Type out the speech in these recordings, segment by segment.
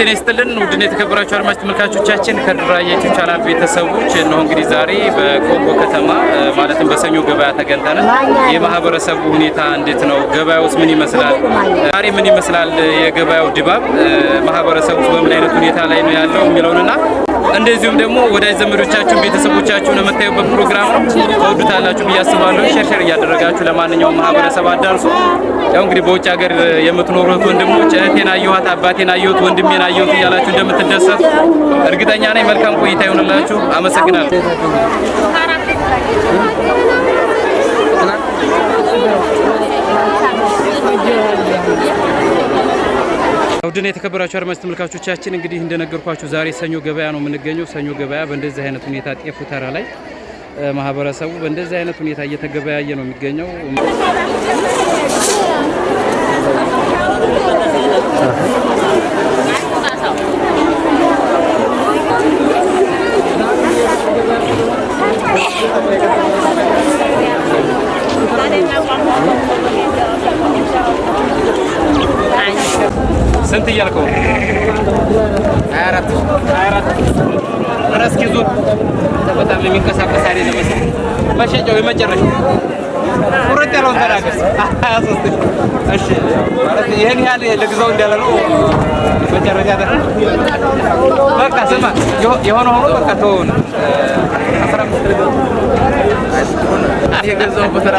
ጤና ይስጥልን ውድን የተከበራችሁ አድማጭ ተመልካቾቻችን ከድራያ ቻናል ቤተሰቦች እነሆ እንግዲህ ዛሬ በቆቦ ከተማ ማለትም በሰኞ ገበያ ተገንተን የማህበረሰቡ ሁኔታ እንዴት ነው? ገበያውስ ምን ይመስላል? ዛሬ ምን ይመስላል የገበያው ድባብ፣ ማህበረሰቡ በምን አይነት ሁኔታ ላይ ነው ያለው የሚለውንና እንደዚሁም ደግሞ ወዳጅ ዘመዶቻችሁን ቤተሰቦቻችሁን የምታዩበት ፕሮግራም ነው። ተወዱታላችሁ ብዬ አስባለሁ። ሸርሸር እያደረጋችሁ ለማንኛውም ማህበረሰብ አዳርሱ። ያው እንግዲህ በውጭ ሀገር የምትኖሩት ወንድሞች እህቴን አየኋት፣ አባቴን አየሁት፣ ወንድሜን አየሁት እያላችሁ እንደምትደሰቱ እርግጠኛ ነኝ። መልካም ቆይታ ይሆንላችሁ። አመሰግናለሁ። ውድና የተከበራችሁ አድማጭ ተመልካቾቻችን እንግዲህ እንደነገርኳችሁ ዛሬ ሰኞ ገበያ ነው የምንገኘው። ሰኞ ገበያ በእንደዚህ አይነት ሁኔታ ጤፉ ተራ ላይ ማህበረሰቡ በእንደዚህ አይነት ሁኔታ እየተገበያየ ነው የሚገኘው። ስንት እያልከው? ሀያ አራት ሀያ አራት ኧረ እስኪ ዞር በጣም የሚንቀሳቀስ አይደለም መሸጫው የመጨረሻው ቁርጥ ያለውን ተናገር። ሀያ ሦስት እሺ፣ ይህን ያህል ልግዛው እንዳለ ነው። መጨረሻ በቃ ስማ፣ የሆነ ሆኖ በቃ ተወውን። አስራ አምስት ልግዛው የገዛው በተራ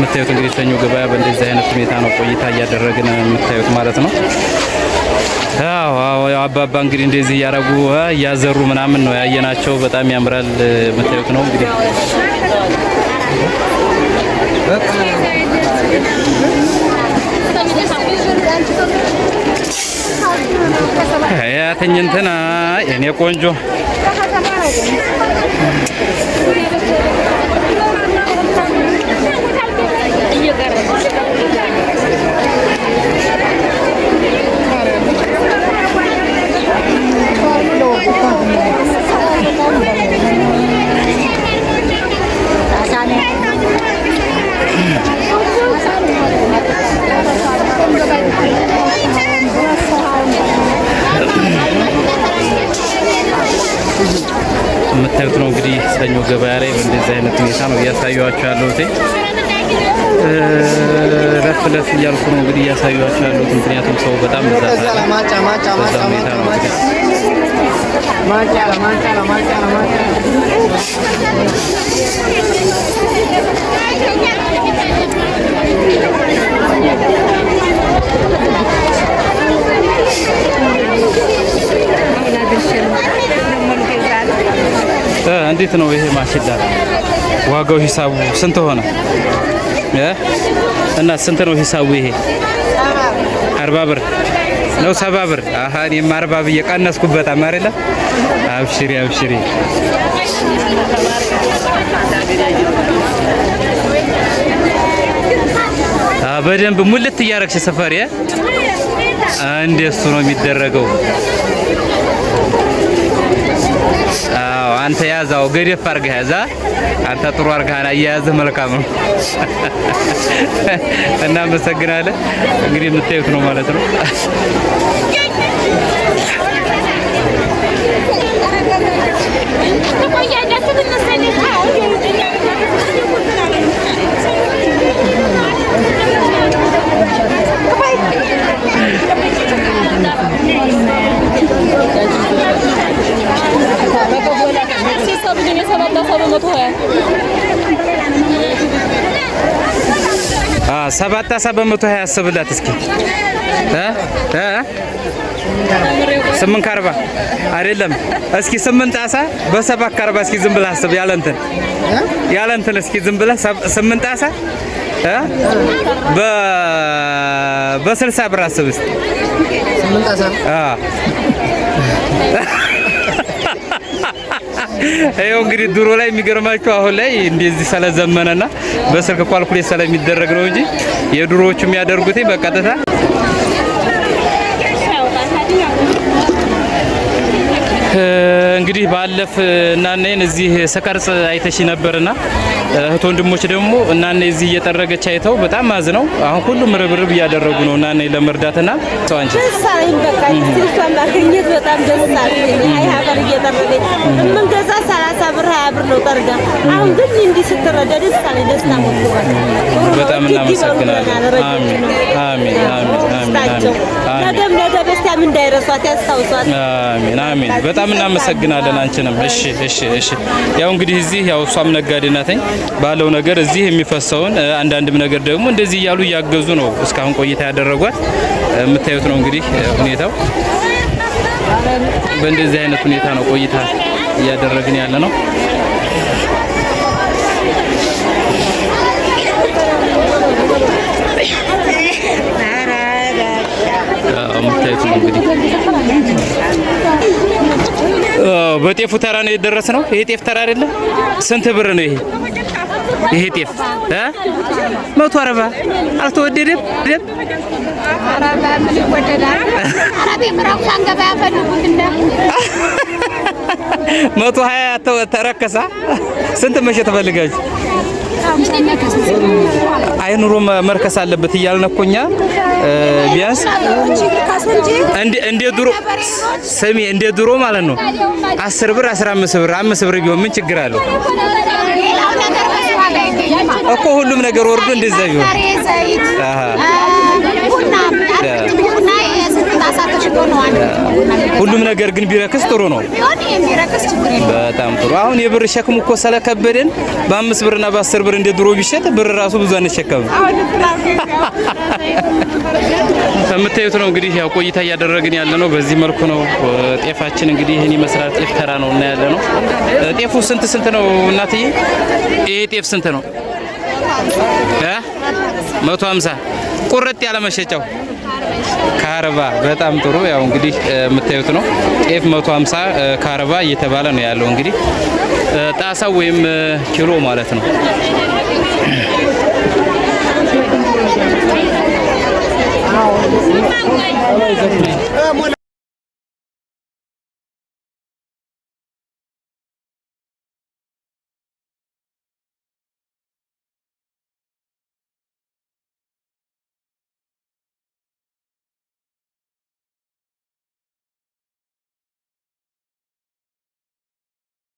የምታዩት እንግዲህ ሰኞ ገበያ በእንደዚህ አይነት ሁኔታ ነው ቆይታ እያደረግን የምታዩት ማለት ነው። አዎ አባባ እንግዲህ እንደዚህ እያረጉ እያዘሩ ምናምን ነው ያየናቸው። በጣም ያምራል። የምታዩት ነው እንግዲህ ያተኝንትና የኔ ቆንጆ የምታዩት ነው እንግዲህ ሰኞ ገበያ ላይ በእንደዚህ አይነት ሁኔታ ነው እያሳየኋቸው ያለሁት። ለፍ ለፍ እያልኩ ነው እንግዲህ እያሳየኋቸው ያለሁት፣ ምክንያቱም ሰው በጣም በዛ ሁኔታ ነው እንግዲህ እንዴት ነው ይሄ ማሽላ ዋጋው ሂሳቡ ስንት ሆነ እና ስንት ነው ሂሳቡ ይሄ አርባ ብር ነው ሰባ ብር አሃ እኔማ አርባ ብዬ ቀነስኩበት አማረላ አብሽሪ አብሽሪ በደንብ ሙልት እያረግሽ ሰፈሪ እንደሱ ነው የሚደረገው። አዎ አንተ ያዛው ገደፍ አድርገህ ያዛ። አንተ ጥሩ አድርገህ አያያዝህ መልካም ነው። እናመሰግናለን። እንግዲህ የምታዩት ነው ማለት ነው። ሰባታ ሰባት መቶ ሀያ አስብላት እስኪ ስምንት ከአርባ አይደለም። እስኪ ስምንት ጣሳ በሰባት ከአርባ እስኪ ዝም ብለህ አስብ። ያለ እንትን ያለ እንትን እስኪ ዝም ብለህ ስምንት ጣሳ በስልሳ ብር አስብ እስኪ ይኸው እንግዲህ ድሮ ላይ የሚገርማችሁ አሁን ላይ እንደዚህ ስለዘመነና በስልክ ኳልኩሌት ስለሚደረግ ነው እንጂ የድሮዎቹ የሚያደርጉት በቀጥታ እንግዲህ ባለፍ እናነን እዚህ ስቀርጽ አይተሽ ነበርና እህት ወንድሞች ደግሞ እናኔ እዚህ እየጠረገች አይተው በጣም አዝነው አሁን ሁሉም ርብርብ እያደረጉ ነው። እናኔ ለመርዳትና ሰው አንቺ ማግኘት በጣም ደስ ሀገር እየጠረገች ብር ብር ነው ጠርጋ። አሁን ግን እንዲህ ስትረዳ በጣም እናመሰግናለን። አሜን አሜን አሜን እንዳይረሷት ያስታውሷት። አሜን አሜን። በጣም እናመሰግናለን አንቺንም። እሺ እሺ እሺ። ያው እንግዲህ እዚህ ያው እሷም ነጋዴ ናት ባለው ነገር እዚህ የሚፈሰውን አንዳንድም ነገር ደግሞ እንደዚህ እያሉ እያገዙ ነው እስካሁን ቆይታ ያደረጓት። የምታዩት ነው እንግዲህ ሁኔታው በእንደዚህ አይነት ሁኔታ ነው ቆይታ እያደረግን ያለ ነው። የምታዩት ነው እንግዲህ በጤፉ ተራ ነው የደረስ ነው። ይሄ ጤፍ ተራ አይደለ? ስንት ብር ነው ይሄ? ይሄ ጤፍ እ መቶ አርባ አልተወደደም። ደም አረባ ምን ይወደዳል? አራቤ ምራቁ አንገባ ያፈልጉት እንደ መቶ ሀያ ተረከሳ። ስንት መሸ ትፈልጋችሁ? አይ ኑሮ መርከስ አለበት እያልን እኮ እኛ ቢያንስ እንደ ድሮ ስሚ፣ እንደ ድሮ ማለት ነው። አስር ብር አስራ አምስት ብር አምስት ብር ቢሆን ምን ችግር አለው እኮ ሁሉም ነገር ወርዶ እንደዛ ቢሆን ሁሉም ነገር ግን ቢረክስ ጥሩ ነው። በጣም ጥሩ። አሁን የብር ሸክሙ እኮ ስለከበደን በአምስት ብርና በአስር ብር እንደ ድሮ ቢሸጥ ብር ራሱ ብዙ አንሸከምም። የምታዩት ነው እንግዲህ ያው ቆይታ እያደረግን ያለ ነው። በዚህ መልኩ ነው ጤፋችን እንግዲህ ይህን ይመስላል። ጤፍ ተራ ነው እና ያለ ነው። ጤፉ ስንት ስንት ነው እናትዬ? ይሄ ጤፍ ስንት ነው? መቶ ሀምሳ ቁርጥ ያለ መሸጫው ካርባ በጣም ጥሩ። ያው እንግዲህ የምታዩት ነው ጤፍ 150 ካርባ እየተባለ ነው ያለው እንግዲህ ጣሳው ወይም ኪሎ ማለት ነው።